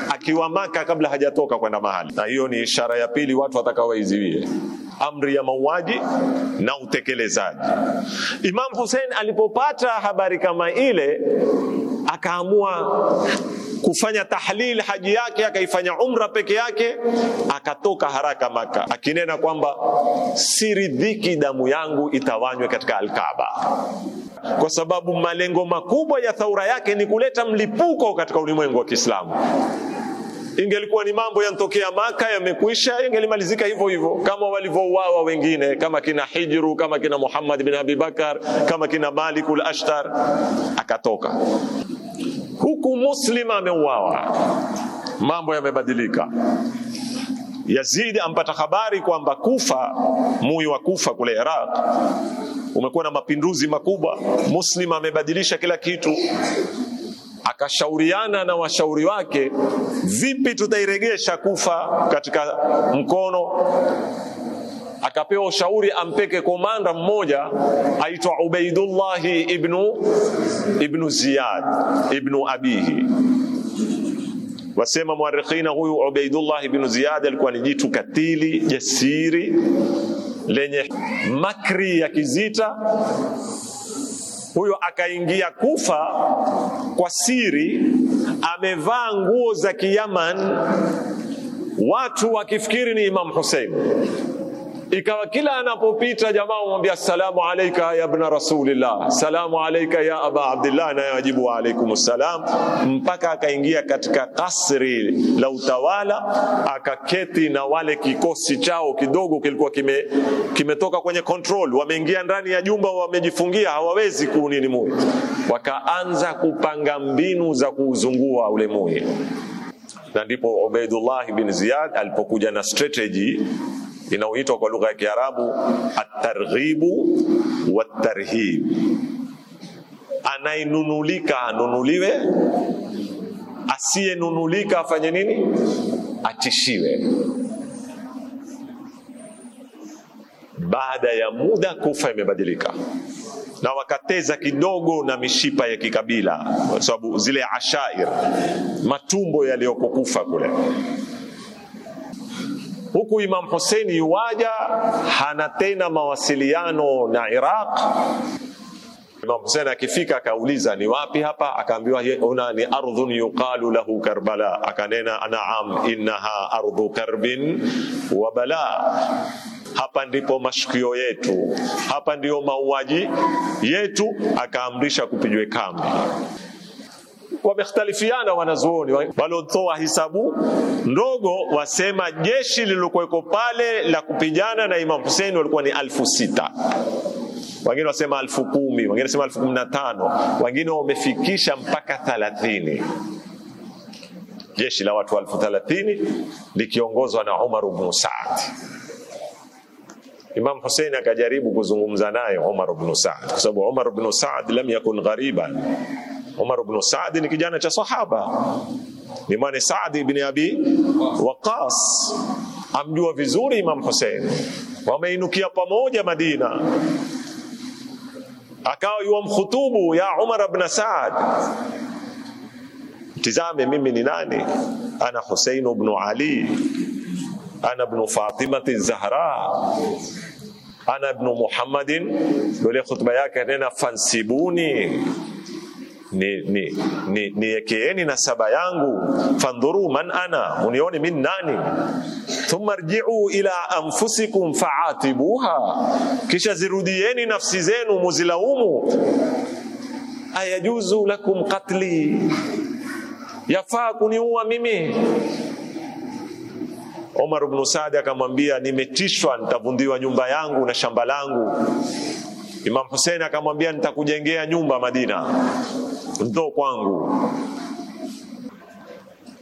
akiwa Maka kabla hajatoka kwenda mahali, na hiyo ni ishara ya pili watu watakaoiziwie amri ya mauaji na utekelezaji. Imam Hussein alipopata habari kama ile, akaamua kufanya tahlil haji yake, akaifanya umra peke yake, akatoka haraka Maka akinena kwamba siridhiki damu yangu itawanywe katika Alkaaba, kwa sababu malengo makubwa ya thaura yake ni kuleta mlipuko katika ulimwengu wa Kiislamu. Ingelikuwa ni mambo yanatokea Maka yamekwisha, ingelimalizika hivyo hivyo, kama walivyouawa wengine kama kina Hijru, kama kina Muhammad bin Abi Bakar, kama kina Malikul Ashtar, akatoka huku. Muslim ameuawa, mambo yamebadilika. Yazid ampata habari kwamba Kufa, muyi wa Kufa kule Iraq umekuwa na mapinduzi makubwa. Muslim amebadilisha kila kitu akashauriana na washauri wake, vipi tutairegesha Kufa katika mkono akapewa ushauri ampeke komanda mmoja aitwa Ubaidullahi ibnu, ibnu Ziyad ibnu Abihi. Wasema muarikhina, huyu Ubaidullah ibnu Ziyad alikuwa ni jitu katili jasiri lenye makri ya kizita. Huyo akaingia Kufa kwa siri amevaa nguo za Kiyaman, watu wakifikiri ni Imam Hussein ikawa kila anapopita jamaa umwambia salamu alaika ya ibn rasulillah, salamu alaika ya aba Abdillah, naye ajibu wa alaykum salam, mpaka akaingia katika kasri la utawala, akaketi na wale kikosi chao kidogo kilikuwa kime, kimetoka kwenye control, wameingia ndani ya jumba, wamejifungia, hawawezi kuunini muyi wakaanza kupanga mbinu za kuuzungua ule muyi na ndipo Ubaidullah bin Ziyad alipokuja na strategy inayoitwa kwa lugha ya Kiarabu at-targhibu wat-tarhib. Anayenunulika anunuliwe, asiyenunulika afanye nini? Atishiwe. Baada ya muda, kufa imebadilika na wakateza kidogo na mishipa ya kikabila, kwa sababu zile ashair matumbo yaliyokokufa kule huku Imam Hussein yuwaja, hana tena mawasiliano na Iraq. Imam Hussein akifika akauliza, ni wapi hapa? Akaambiwa una ni ardhun yuqalu lahu Karbala. Akanena, naam, innaha ardhu karbin wa bala hapa ndipo mashukio yetu, hapa ndiyo mauaji yetu. Akaamrisha kupijwe kambi wamehtalifiana wanazuoni waliotoa hisabu ndogo, wasema jeshi lilokuweko pale la kupigana na Imam Hussein walikuwa ni alfu sita wengine wasema alfu kumi wengine wasema alfu kumi na tano wengine wamefikisha mpaka thalathini jeshi la watu alfu thalathini likiongozwa na Umar bnu Saad. Imam Hussein akajaribu kuzungumza naye Umar bnu Saad, kwa sababu Umar bnu Saad lam yakun ghariban Umar ibn Saad ni kijana cha sahaba, ni mwana Saad ibn Abi Waqas, amjua vizuri Imam Hussein, wameinukia pamoja Madina, akawa yuwa mkhutubu ya Umar ibn Saad, tizame mimi ni nani? Ana Hussein ibn Ali, ana ibn Fatimati Zahra ana ibn Muhammadin. Yule khutba yake tena fansibuni ni, ni, ni, niekeeni nasaba yangu, fandhuru man ana, unione mimi nani. Thumma rji'u ila anfusikum faatibuha, kisha zirudieni nafsi zenu muzilaumu. Ayajuzu lakum qatli, yafaa kuniua mimi? Omar ibn Saad akamwambia, nimetishwa, nitavundiwa nyumba yangu na shamba langu Imam Hussein akamwambia nitakujengea nyumba Madina, ndo kwangu.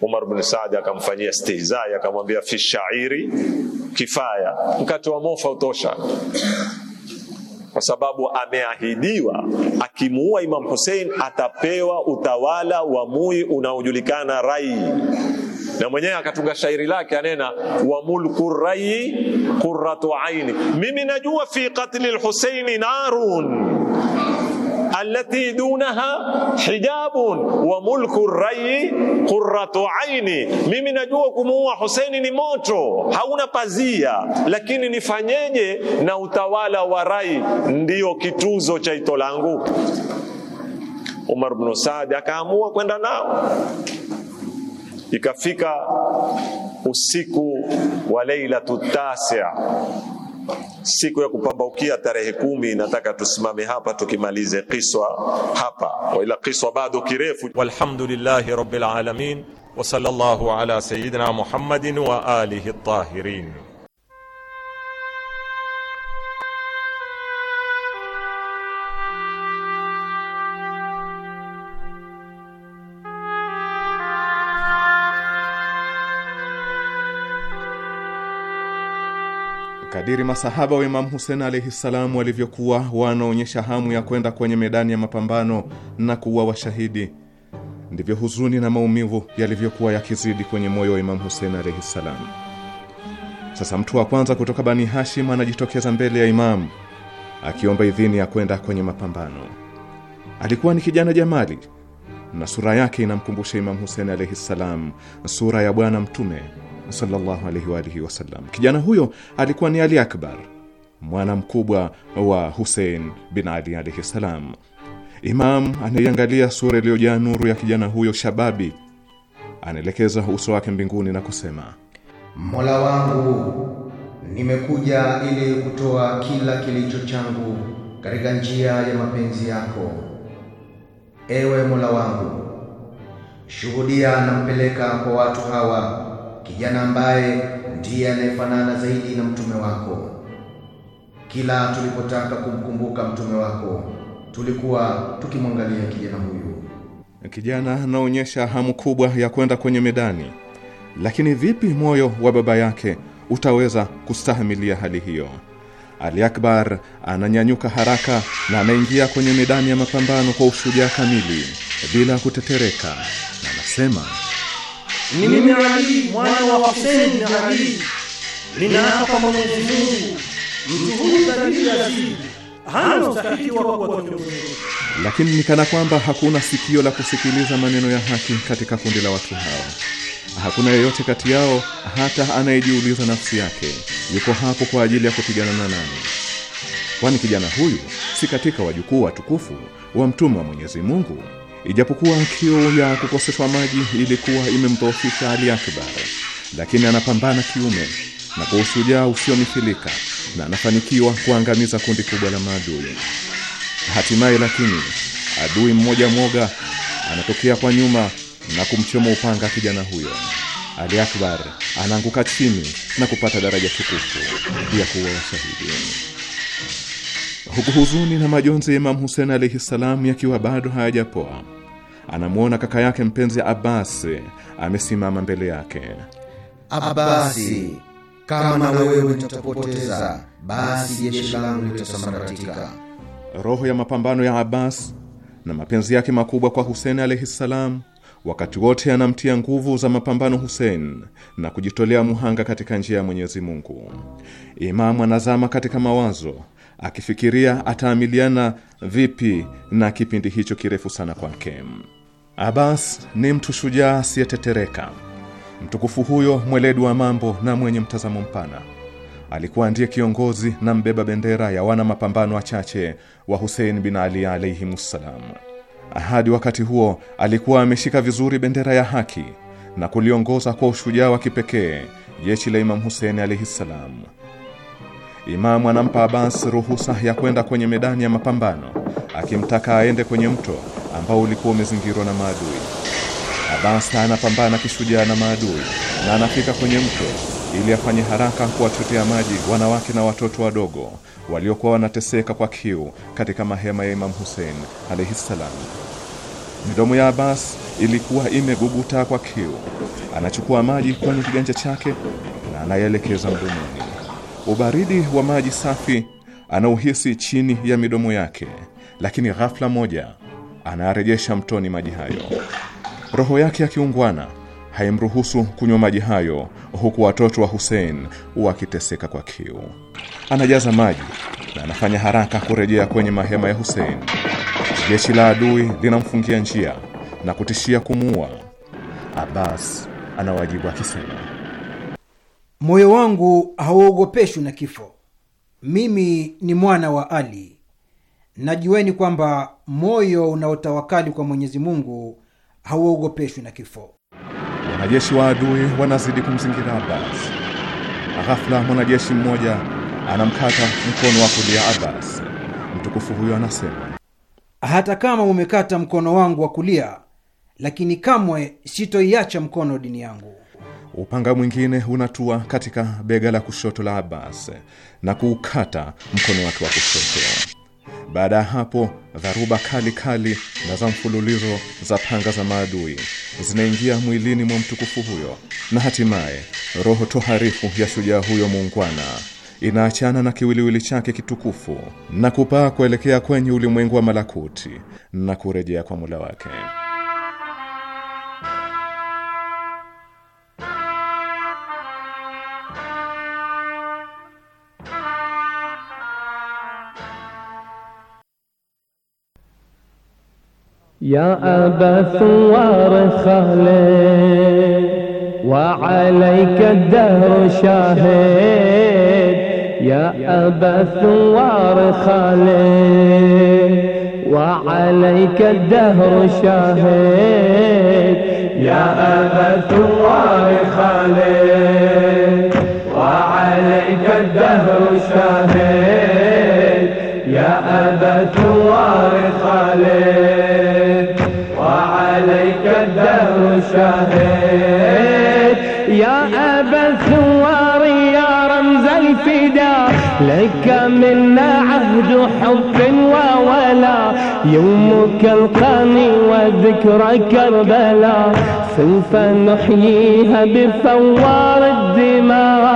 Umar bin Saad akamfanyia stihzai, akamwambia fi shairi kifaya, mkate wa mofa utosha, kwa sababu ameahidiwa akimuua Imam Hussein atapewa utawala wa mui unaojulikana rai na mwenyewe akatunga shairi lake, anena wa mulku rayi qurratu aini, mimi najua fi qatli al-Husayn narun allati dunaha hijabun wa mulku rayi qurratu aini, mimi najua kumuua huseini ni moto hauna pazia, lakini nifanyeje na utawala wa rai ndiyo kituzo cha ito langu. Umar bin saadi akaamua kwenda nao Ikafika usiku wa lailatu tasia, siku ya kupambaukia tarehe kumi. Nataka tusimame hapa tukimalize kiswa hapa, waila kiswa bado kirefu. Walhamdulillahi rabbil alamin wa sallallahu ala sayidina Muhammadin wa alihi tahirin. Kadiri masahaba wa Imamu Husen alaihi ssalamu walivyokuwa wanaonyesha hamu ya kwenda kwenye medani ya mapambano na kuwa washahidi, ndivyo huzuni na maumivu yalivyokuwa yakizidi kwenye moyo wa Imamu Husen alaihi ssalam. Sasa mtu wa kwanza kutoka Bani Hashim anajitokeza mbele ya Imamu akiomba idhini ya kwenda kwenye mapambano. Alikuwa ni kijana jamali na sura yake inamkumbusha Imamu Husen alaihi ssalam sura ya Bwana Mtume sallallahu alaihi wa alihi wasallam. Kijana huyo alikuwa ni Ali Akbar, mwana mkubwa wa Husein bin Ali alaihi salam. Imam anaiangalia sura iliyojaa nuru ya kijana huyo shababi, anaelekeza uso wake mbinguni na kusema, Mola wangu, nimekuja ili kutoa kila kilicho changu katika njia ya mapenzi yako. Ewe Mola wangu, shuhudia, nampeleka kwa watu hawa kijana ambaye ndiye anayefanana zaidi na mtume wako. Kila tulipotaka kumkumbuka mtume wako, tulikuwa tukimwangalia kijana huyu. Kijana anaonyesha hamu kubwa ya kwenda kwenye medani, lakini vipi moyo wa baba yake utaweza kustahimilia hali hiyo? Ali Akbar ananyanyuka haraka na anaingia kwenye medani ya mapambano kwa ushujaa kamili bila kutetereka, na anasema mimi Ali mwana wa Hussein na Ali ninaapa kwa Mwenyezi Mungu, mtu huyu kadiri yazidi hana ustahiki wa kuwa Lakini nikana kwamba hakuna sikio la kusikiliza maneno ya haki katika kundi la watu hao. Hakuna yeyote kati yao hata anayejiuliza nafsi yake yuko hapo kwa ajili ya kupigana na nani, kwani kijana huyu si katika wajukuu watukufu wa mtume wa Mwenyezi Mungu? Ijapokuwa kiu ya kukoseshwa maji ilikuwa imemdhoofisha Ali Akbar, lakini anapambana kiume na kwa ushujaa usiomithilika na anafanikiwa kuangamiza kundi kubwa la maadui. Hatimaye lakini adui mmoja mwoga anatokea kwa nyuma na kumchoma upanga kijana huyo. Ali Akbar anaanguka chini na kupata daraja tukufu ya kuwa shahidi huku huzuni na majonzi ya Imamu Husen alaihi salam yakiwa bado hayajapoa, anamwona kaka yake mpenzi Abasi amesimama mbele yake. Abasi, kama na wewe nitapoteza, basi jeshi langu litasambaratika. Roho ya mapambano ya Abbas na mapenzi yake makubwa kwa Hussein alayhi salam, wakati wote anamtia nguvu za mapambano Hussein na kujitolea muhanga katika njia ya Mwenyezi Mungu. Imamu anazama katika mawazo akifikiria ataamiliana vipi na kipindi hicho kirefu sana kwake. Abbas ni mtu shujaa asiyetetereka. Mtukufu huyo mweledi wa mambo na mwenye mtazamo mpana alikuwa ndiye kiongozi na mbeba bendera ya wana mapambano wachache wa Husein bin Ali alaihimussalam. Hadi wakati huo alikuwa ameshika vizuri bendera ya haki na kuliongoza kwa ushujaa wa kipekee jeshi la Imam Husein alaihi ssalam. Imamu anampa Abbas ruhusa ya kwenda kwenye medani ya mapambano, akimtaka aende kwenye mto ambao ulikuwa umezingirwa na maadui. Abbas anapambana kishujaa na maadui na anafika kwenye mto ili afanye haraka kuwachotea maji wanawake na watoto wadogo waliokuwa wanateseka kwa kiu katika mahema ya Imam Hussein alaihi salam. Midomo ya Abbas ilikuwa imeguguta kwa kiu. Anachukua maji kwenye kiganja chake na anayeelekeza mdomoni ubaridi wa maji safi anauhisi chini ya midomo yake, lakini ghafla moja anayarejesha mtoni maji hayo. Roho yake ya kiungwana haimruhusu kunywa maji hayo, huku watoto wa Hussein wakiteseka kwa kiu. Anajaza maji na anafanya haraka kurejea kwenye mahema ya Hussein. Jeshi la adui linamfungia njia na kutishia kumuua. Abbas anawajibu akisema Moyo wangu hauogopeshwi na kifo, mimi ni mwana wa Ali. Najueni kwamba moyo unaotawakali kwa Mwenyezi Mungu hauogopeshwi na kifo. Wanajeshi wa adui wanazidi kumzingira Abbas. ghafula mwanajeshi mmoja anamkata mkono wa kulia Abbas. Mtukufu huyo anasema, hata kama umekata mkono wangu wa kulia, lakini kamwe sitoiacha mkono dini yangu. Upanga mwingine unatua katika bega la kushoto la Abbas na kuukata mkono wake wa kushoto. Baada ya hapo, dharuba kali kali na za mfululizo za panga za maadui zinaingia mwilini mwa mtukufu huyo, na hatimaye roho toharifu ya shujaa huyo muungwana inaachana na kiwiliwili chake kitukufu na kupaa kuelekea kwenye ulimwengu wa malakuti na kurejea kwa mula wake. يا أبا ثوار خالي وعليك الدهر شاهد يا أبا ثوار خالي وعليك الدهر شاهد يا أبا ثوار خالي وعليك الدهر شاهد يا أبا ثوار خالي شاهد يا أبا الثوار يا رمز الفدا لك منا عهد حب وولا يومك القاني وذكرى كربلا سوف نحييها بفوار الدماء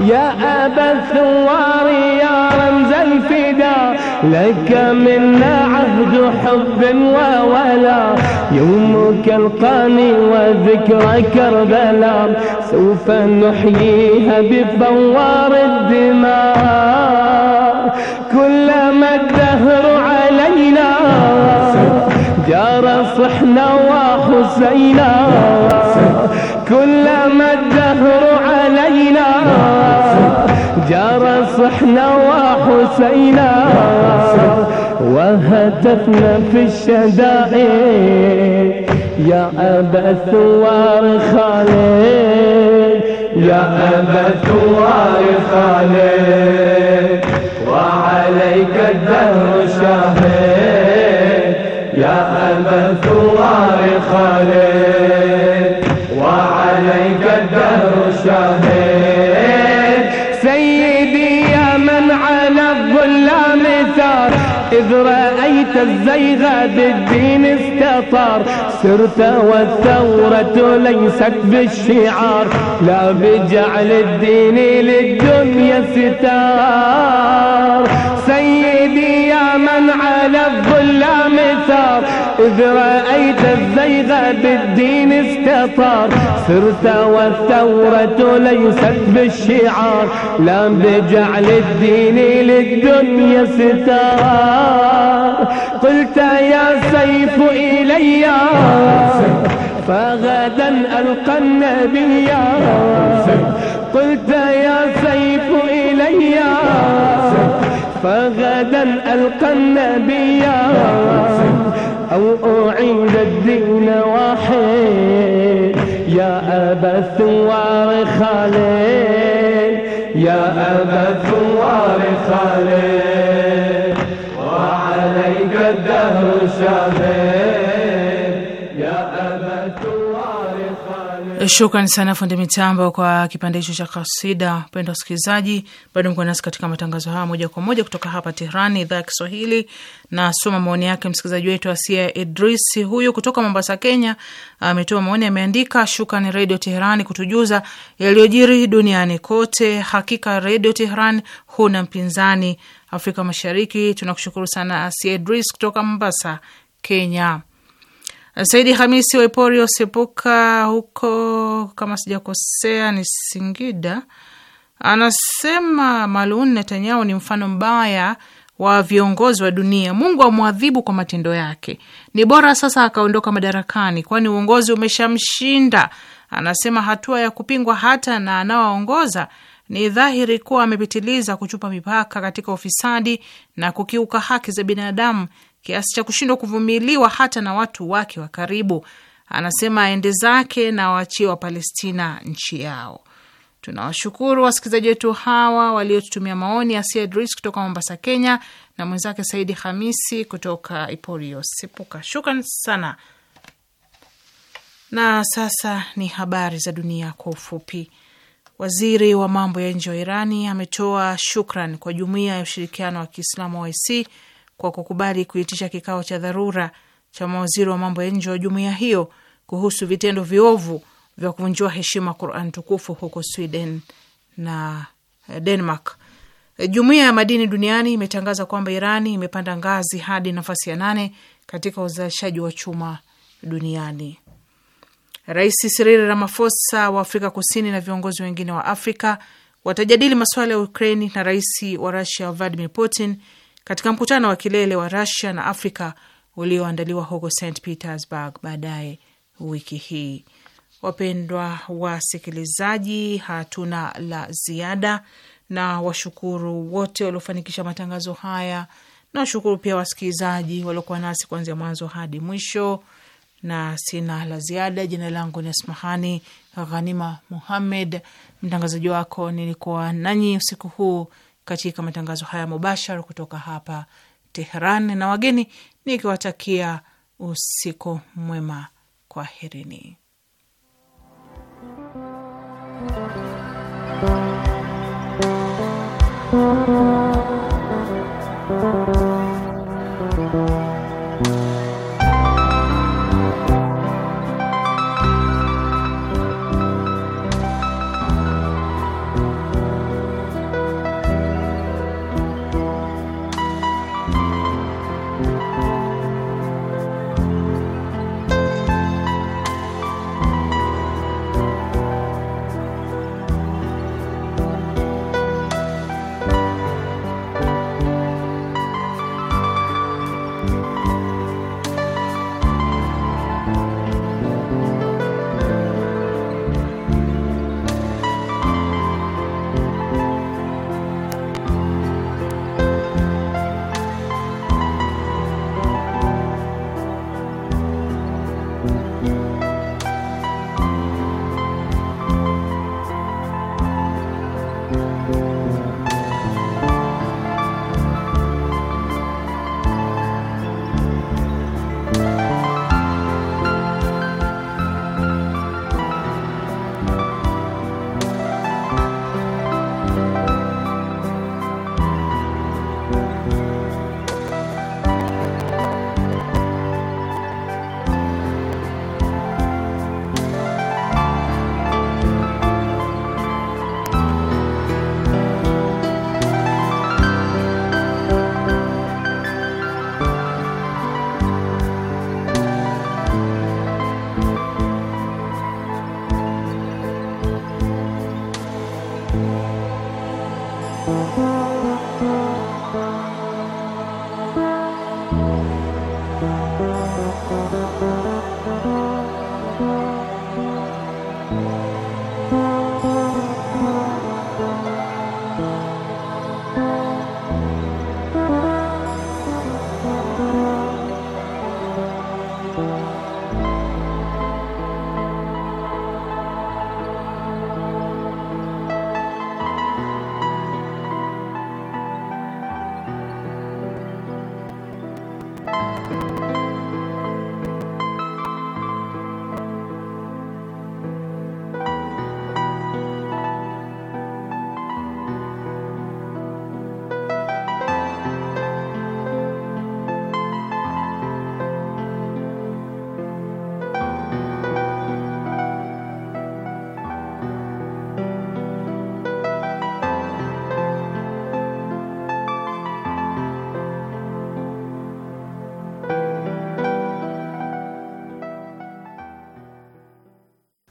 يا أبا الثوار يا رمز الفدا لك منا عهد حب وولا يومك القاني وذكرى كربلا سوف نحييها بفوار الدماء كلما الدهر علينا جار صحنا وحسينا كلما الدهر علينا جرى صحنا وحسينا وهتفنا في الشدائد يا أبا الثوار خالد يا أبا الثوار خالد وعليك الدهر شاهد يا أبا الثوار خالد وعليك الدهر شاهد الذكرى عليك الزيغة بالدين استطار سرت والثورة ليست بالشعار لا بجعل الدين للدنيا ستار سيدي يا من على الظلام ثار إذ رأيت الزيغة بالدين استطار سرت والثورة ليست بالشعار لا بجعل الدين للدنيا ستار قلت يا سيف إلي فغدا ألقى النبي قلت يا سيف إلي فغدا ألقى النبي أو أعيد الدين واحد يا أبا الثوار خالد يا أبا الثوار خالد ہے Shukran sana fundi mitambo kwa kipande hicho cha kasida. Mpendwa wasikilizaji, bado mko nasi katika matangazo haya moja kwa moja kutoka hapa Tehrani, idhaa ya Kiswahili. Na soma maoni yake msikilizaji wetu Asia Idris, huyu kutoka Mombasa, Kenya, ametoa maoni. Ameandika, shukran Redio Teherani kutujuza yaliyojiri duniani kote. Hakika Redio tehran huna mpinzani Afrika Mashariki. Tunakushukuru sana Asia Idris kutoka Mombasa, Kenya. Saidi Hamisi Waipori Osepuka huko, kama sijakosea, ni Singida, anasema Malun Netanyahu ni mfano mbaya wa viongozi wa dunia. Mungu amwadhibu kwa matendo yake. Ni bora sasa akaondoka madarakani, kwani uongozi umeshamshinda. Anasema hatua ya kupingwa hata na anaoongoza ni dhahiri kuwa amepitiliza kuchupa mipaka katika ufisadi na kukiuka haki za binadamu kiasi cha kushindwa kuvumiliwa hata na watu wake wa karibu. Anasema aende zake na waachie Wapalestina nchi yao. Tunawashukuru wasikilizaji wetu hawa waliotutumia maoni. Asia Idris kutoka Mombasa, Kenya, na mwenzake Saidi Hamisi kutoka Iporio Sepuka. Shukran sana. Na sasa ni habari za dunia kwa ufupi. Waziri wa mambo ya nje wa Irani ametoa shukran kwa Jumuiya ya Ushirikiano wa Kiislamu OIC kwa kukubali kuitisha kikao cha dharura cha mawaziri wa mambo ya nje wa jumuiya hiyo kuhusu vitendo viovu vya kuvunjiwa heshima Quran tukufu huko Sweden na eh, Denmark. Jumuiya ya madini duniani imetangaza kwamba Irani imepanda ngazi hadi nafasi ya nane katika uzalishaji wa chuma duniani. Rais Cyril Ramaphosa wa Afrika Kusini na viongozi wengine wa Afrika watajadili masuala ya Ukraini na rais wa Rusia Vladimir Putin katika mkutano wa kilele wa Rusia na Afrika ulioandaliwa huko St Petersburg baadaye wiki hii. Wapendwa wasikilizaji, hatuna la ziada na washukuru wote waliofanikisha matangazo haya na washukuru pia wasikilizaji waliokuwa nasi kuanzia mwanzo hadi mwisho, na sina la ziada. Jina langu ni Asmahani Ghanima Muhammed, mtangazaji wako. Nilikuwa nanyi usiku huu katika matangazo haya mubashara kutoka hapa Teheran, na wageni nikiwatakia usiku mwema, kwaherini.